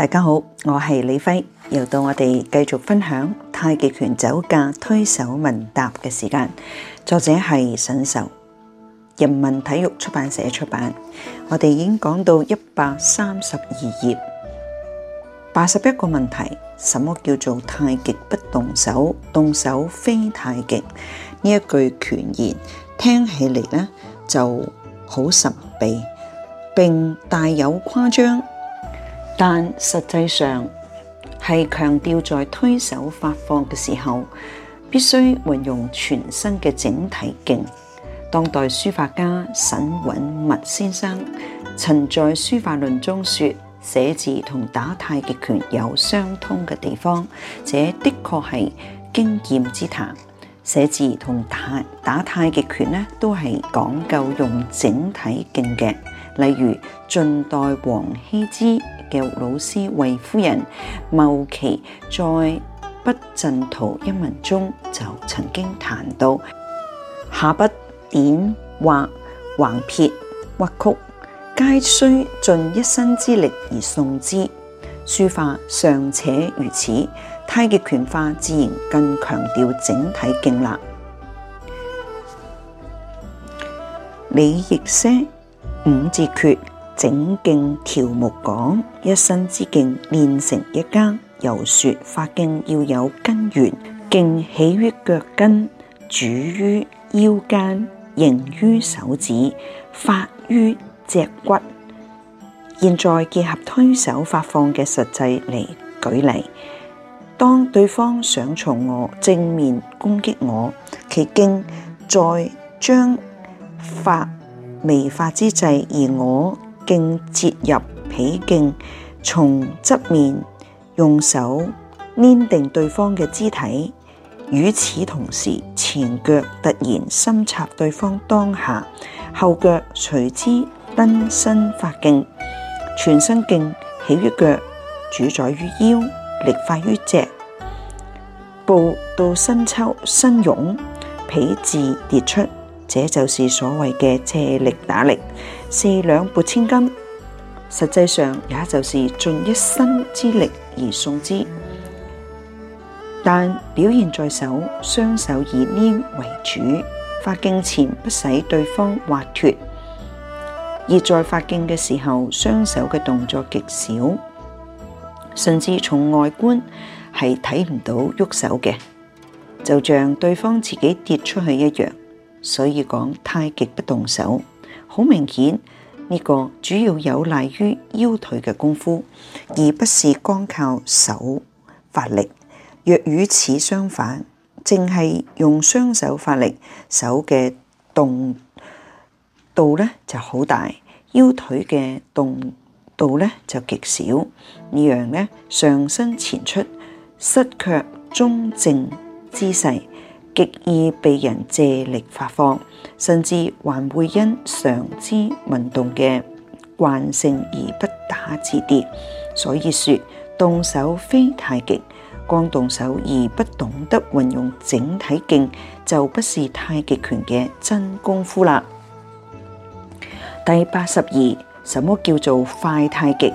大家好，我係李輝，又到我哋繼續分享太極拳走架推手問答嘅時間。作者係沈壽，人民體育出版社出版。我哋已經講到一百三十二頁，八十一個問題。什麼叫做太極不動手，動手非太極？呢一句拳言，聽起嚟呢就好神秘，並大有誇張。但實際上係強調在推手發放嘅時候，必須運用全身嘅整體勁。當代書法家沈尹默先生曾在書法論中說：寫字同打太極拳有相通嘅地方，這的確係經驗之談。寫字同打打太極拳咧，都係講究用整體勁嘅。例如晉代王羲之。嘅老師衛夫人茂漪在《筆陣圖》一文中就曾經談到：下筆點畫橫撇屈曲，皆須盡一身之力而送之。書法尚且如此，太極拳化自然更強調整體勁力。李亦畬五字訣。整勁條目講，一身之勁練成一家。又說發勁要有根源，勁起於腳跟，主於腰間，形於手指，發於脊骨。現在結合推手發放嘅實際嚟舉例，當對方想從我正面攻擊我，其勁在將發未發之際，而我。勁接入彼勁，從側面用手黏定對方嘅肢體，與此同時前腳突然深插對方當下，後腳隨之蹬身發勁，全身勁起於腳，主宰於腰，力發於脊，步到身抽身湧，彼自跌出，這就是所謂嘅借力打力。四兩撥千斤，實際上也就是盡一身之力而送之，但表現在手，雙手以粘為主，發勁前不使對方滑脫，而在發勁嘅時候，雙手嘅動作極少，甚至從外觀係睇唔到喐手嘅，就像對方自己跌出去一樣，所以講太極不動手。好明顯，呢、這個主要有賴於腰腿嘅功夫，而不是光靠手發力。若與此相反，淨係用雙手發力，手嘅動度咧就好大，腰腿嘅動度咧就極少，呢樣呢，上身前出，失卻中正姿勢。極易被人借力發放，甚至還會因常知運動嘅慣性而不打自跌。所以說動手非太極，光動手而不懂得運用整體勁，就不是太極拳嘅真功夫啦。第八十二，什麼叫做快太極？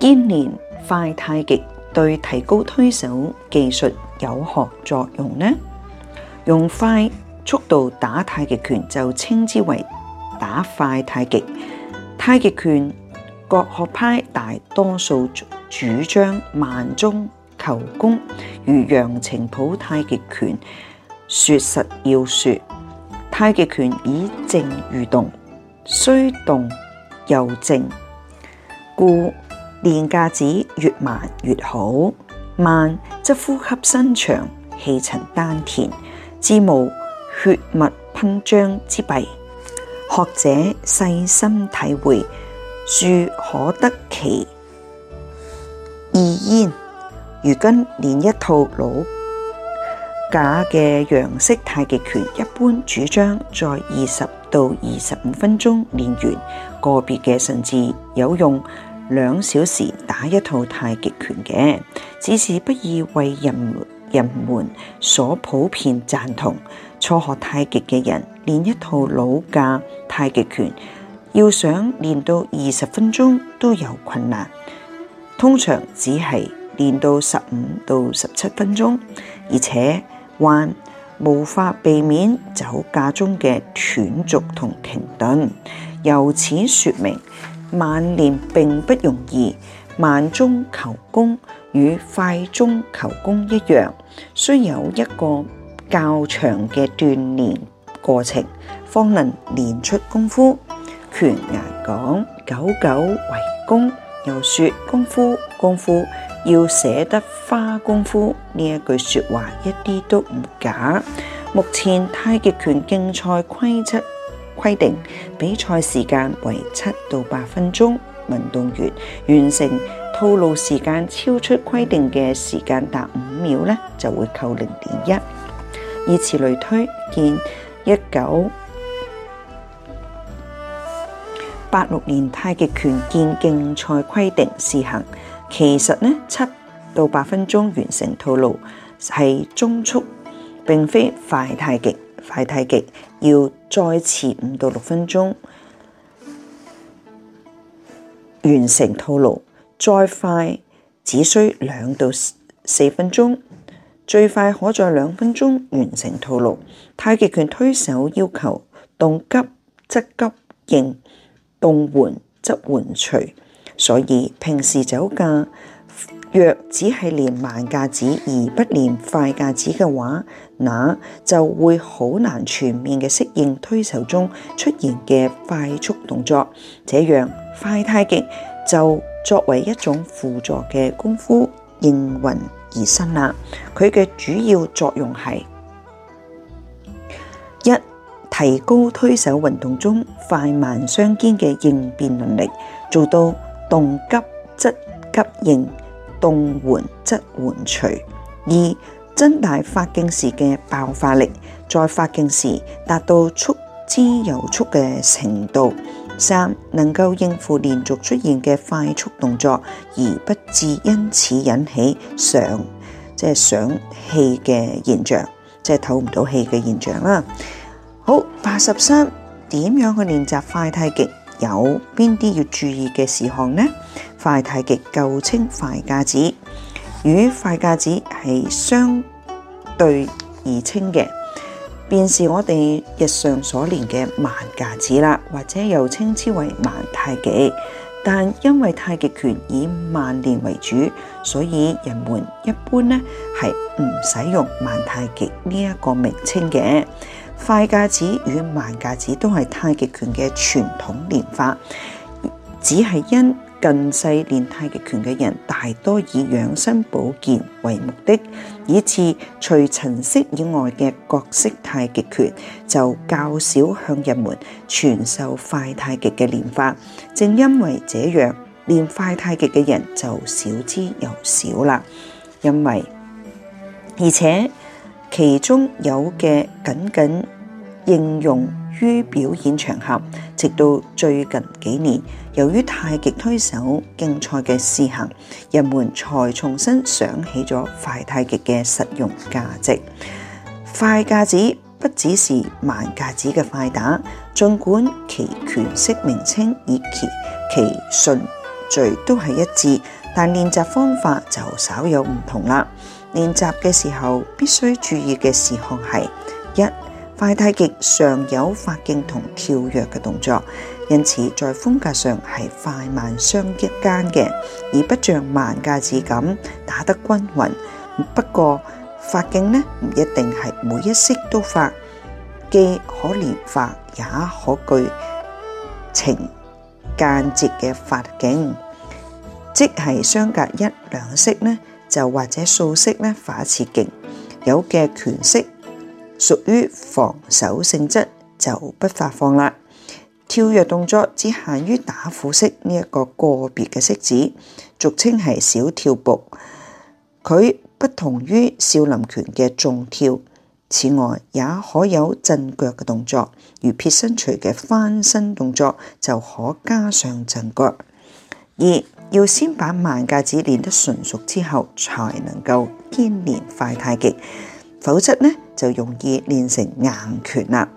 兼練快太極對提高推手技術有何作用呢？用快速度打太極拳就稱之為打快太極。太極拳各學派大多數主張慢中求功，如楊澄甫太極拳，《說十要》說太極拳以靜御動，雖動猶靜，故練架子越慢越好。慢則呼吸深長，氣沉丹田。之無血脈噴張之弊，學者細心體會，庶可得其意焉。如今練一套老假嘅楊式太極拳，一般主張在二十到二十五分鐘練完，個別嘅甚至有用兩小時打一套太極拳嘅，只是不宜為人。人們所普遍贊同，初學太極嘅人練一套老架太極拳，要想練到二十分鐘都有困難，通常只係練到十五到十七分鐘，而且還無法避免走架中嘅斷續同停頓。由此說明，慢練並不容易，慢中求功。與快中求功一樣，需有一個較長嘅鍛煉過程，方能練出功夫。拳諺講久久為功，又說功夫功夫要捨得花功夫，呢一句說話一啲都唔假。目前太極拳競賽規則規定，比賽時間為七到八分鐘，運動員完成。套路時間超出規定嘅時間達五秒呢，就會扣零點一。以此類推，見一九八六年太極拳劍競賽規定試行。其實呢，七到八分鐘完成套路係中速，並非快太極。快太極要再遲五到六分鐘完成套路。再快只需兩到四分鐘，最快可在兩分鐘完成套路。太極拳推手要求動急則急應，動緩則緩隨，所以平時走架若只係練慢架子而不練快架子嘅話，那就會好難全面嘅適應推手中出現嘅快速動作。這樣快太極就作為一種輔助嘅功夫，應運而生啦。佢嘅主要作用係：一、提高推手運動中快慢相兼嘅應變能力，做到動急則急應，動緩則緩隨；二、增大發勁時嘅爆發力，在發勁時達到速之又速嘅程度。三、能夠應付連續出現嘅快速動作，而不至因此引起上即係上氣嘅現象，即係唞唔到氣嘅現象啦。好，八十三，點樣去練習快太極？有邊啲要注意嘅事項呢？快太極舊稱快架子，與快架子係相對而稱嘅。便是我哋日常所練嘅慢架子啦，或者又稱之為慢太極。但因為太極拳以慢練為主，所以人們一般呢係唔使用慢太極呢一個名稱嘅。快架子與慢架子都係太極拳嘅傳統練法，只係因。近世練太極拳嘅人，大多以養生保健為目的，以至除陳式以外嘅各式太極拳就較少向人們傳授快太極嘅練法。正因為這樣，練快太極嘅人就少之又少啦。因為而且其中有嘅僅僅應用。於表演場合，直到最近幾年，由於太極推手競賽嘅試行，人們才重新想起咗快太極嘅實用價值。快架子不只是慢架子嘅快打，盡管其拳式名稱以及其，其順序都係一致，但練習方法就稍有唔同啦。練習嘅時候，必須注意嘅事項係一。快太極常有發勁同跳躍嘅動作，因此在風格上係快慢相一間嘅，而不像慢架子咁打得均勻。不過發勁呢，唔一定係每一式都發，既可連發，也可具情間接嘅發勁，即係相隔一兩式呢，就或者數式呢，發一次勁，有嘅拳式，屬於防守性質，就不發放啦。跳躍動作只限於打虎式呢一個個別嘅式子，俗稱係小跳步。佢不同於少林拳嘅重跳。此外，也可有震腳嘅動作，如撇身錘嘅翻身動作就可加上震腳。二要先把慢架子練得純熟之後，才能夠兼練快太極，否則呢，就容易練成硬拳啦，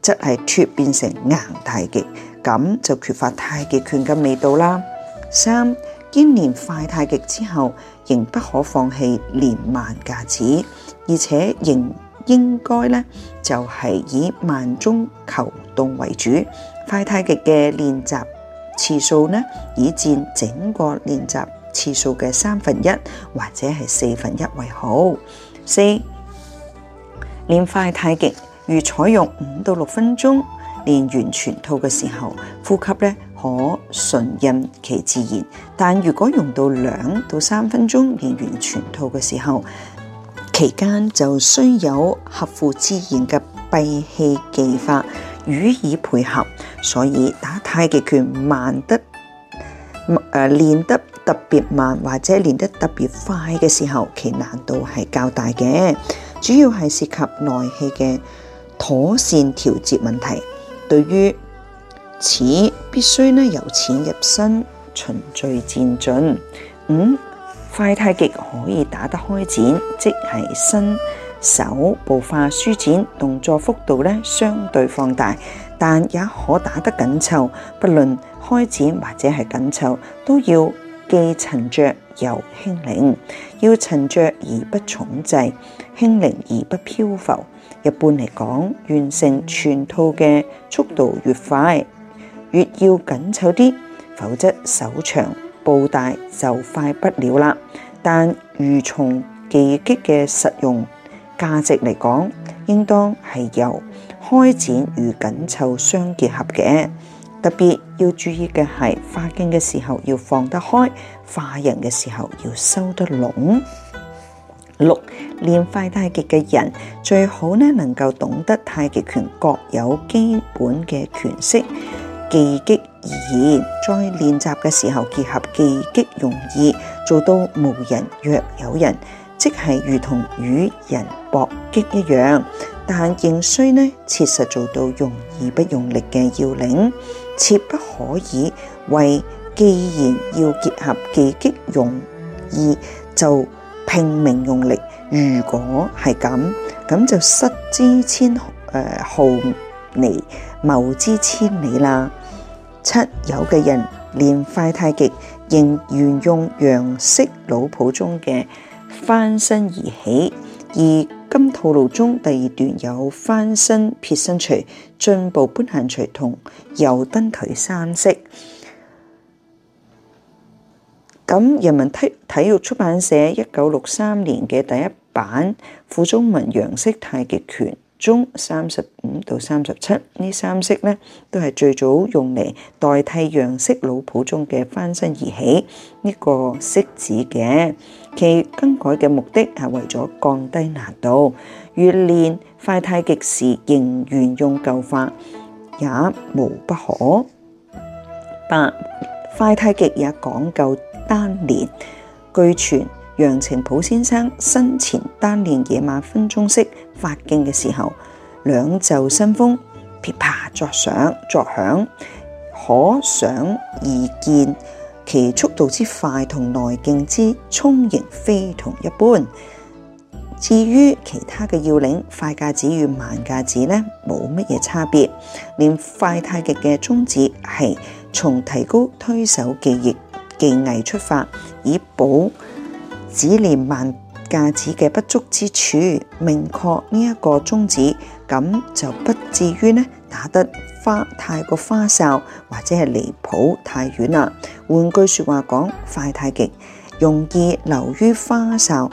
即係脫變成硬太極，咁就缺乏太極拳嘅味道啦。三、兼練快太極之後，仍不可放棄練慢架子，而且仍應該呢，就係以慢中求動為主。快太極嘅練習次數呢，以佔整個練習次數嘅三分一或者係四分一為好。四練快太極，如採用五到六分鐘練完全套嘅時候，呼吸咧可順應其自然；但如果用到兩到三分鐘練完全套嘅時候，期間就需有合乎自然嘅閉氣技法予以配合。所以打太極拳慢得誒、呃、練得特別慢，或者練得特別快嘅時候，其難度係較大嘅。主要係涉及內氣嘅妥善調節問題。對於此，必須呢由淺入深，循序漸進。五、嗯、快太極可以打得開展，即係身手步化舒展，動作幅度咧相對放大，但也可打得緊湊。不論開展或者係緊湊，都要記沉着。由輕靈，要沉着而不重滯，輕靈而不漂浮。一般嚟講，完成全套嘅速度越快，越要緊湊啲，否則手長步大就快不了啦。但如從技擊嘅實用價值嚟講，應當係由開展與緊湊相結合嘅。特別要注意嘅係發勁嘅時候要放得開。化人嘅時候要收得攏。六練快太極嘅人最好呢，能夠懂得太極拳各有基本嘅拳式技擊而言，在練習嘅時候結合技擊用意，做到無人若有人，即係如同與人搏擊一樣。但仍需呢切實做到用意不用力嘅要領，切不可以為。既然要結合技擊用意，就拼命用力。如果係咁，咁就失之千誒毫釐，謬、呃、之千里啦。七有嘅人練快太極，仍沿用楊式老譜中嘅翻身而起，而今套路中第二段有翻身撇身錘、進步搬行錘同右蹬腿三式。咁人民體體育出版社一九六三年嘅第一版《傅鍾文楊式太極拳》中三十五到三十七呢三式呢，都係最早用嚟代替楊式老譜中嘅翻身而起呢個式子嘅。其更改嘅目的係為咗降低難度。如練快太極時仍沿用舊法，也無不可。八快太極也講究。單練，據傳楊澄甫先生生前單練野馬分鬃式發勁嘅時候，兩袖生風，噼啪，啪作響，作響可想而見，其速度之快同內勁之充盈非同一般。至於其他嘅要領，快架子與慢架子呢，冇乜嘢差別。練快太極嘅宗旨係從提高推手技藝技藝出發，以補子連萬架子嘅不足之處，明確呢一個宗旨，咁就不至於呢打得花太過花哨，或者係離譜太遠啦。換句話說話講，快太極容易流於花哨，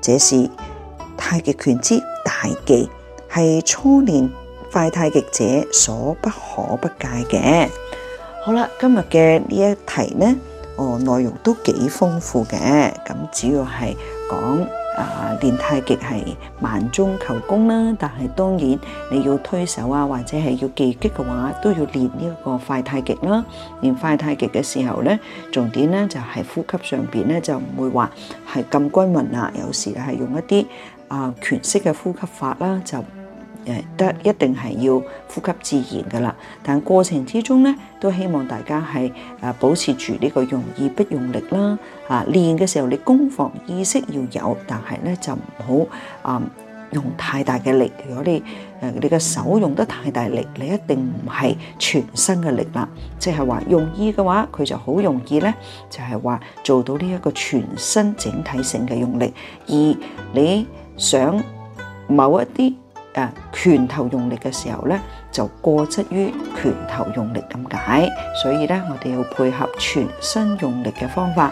這是太極拳之大忌，係初練快太極者所不可不戒嘅。好啦，今日嘅呢一題呢？哦，內容都幾豐富嘅，咁主要係講啊練太極係慢中求功啦，但係當然你要推手啊，或者係要技擊嘅話，都要練呢一個快太極啦。練快太極嘅時候咧，重點咧就係、是、呼吸上邊咧就唔會話係咁均勻啦、啊，有時係用一啲啊、呃、拳式嘅呼吸法啦就。得一定係要呼吸自然噶啦，但過程之中咧，都希望大家係啊保持住呢個用意不用力啦。啊練嘅時候，你攻防意識要有，但係咧就唔好啊用太大嘅力。如果你誒你嘅手用得太大力，你一定唔係全身嘅力啦。即係話用意嘅話，佢就好容易咧，就係話做到呢一個全身整體性嘅用力。而你想某一啲。拳頭用力嘅時候咧，就過失於拳頭用力咁解，所以咧我哋要配合全身用力嘅方法，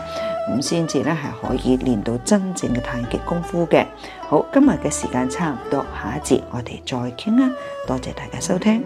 咁先至咧係可以練到真正嘅太極功夫嘅。好，今日嘅時間差唔多，下一節我哋再傾啦。多謝大家收聽。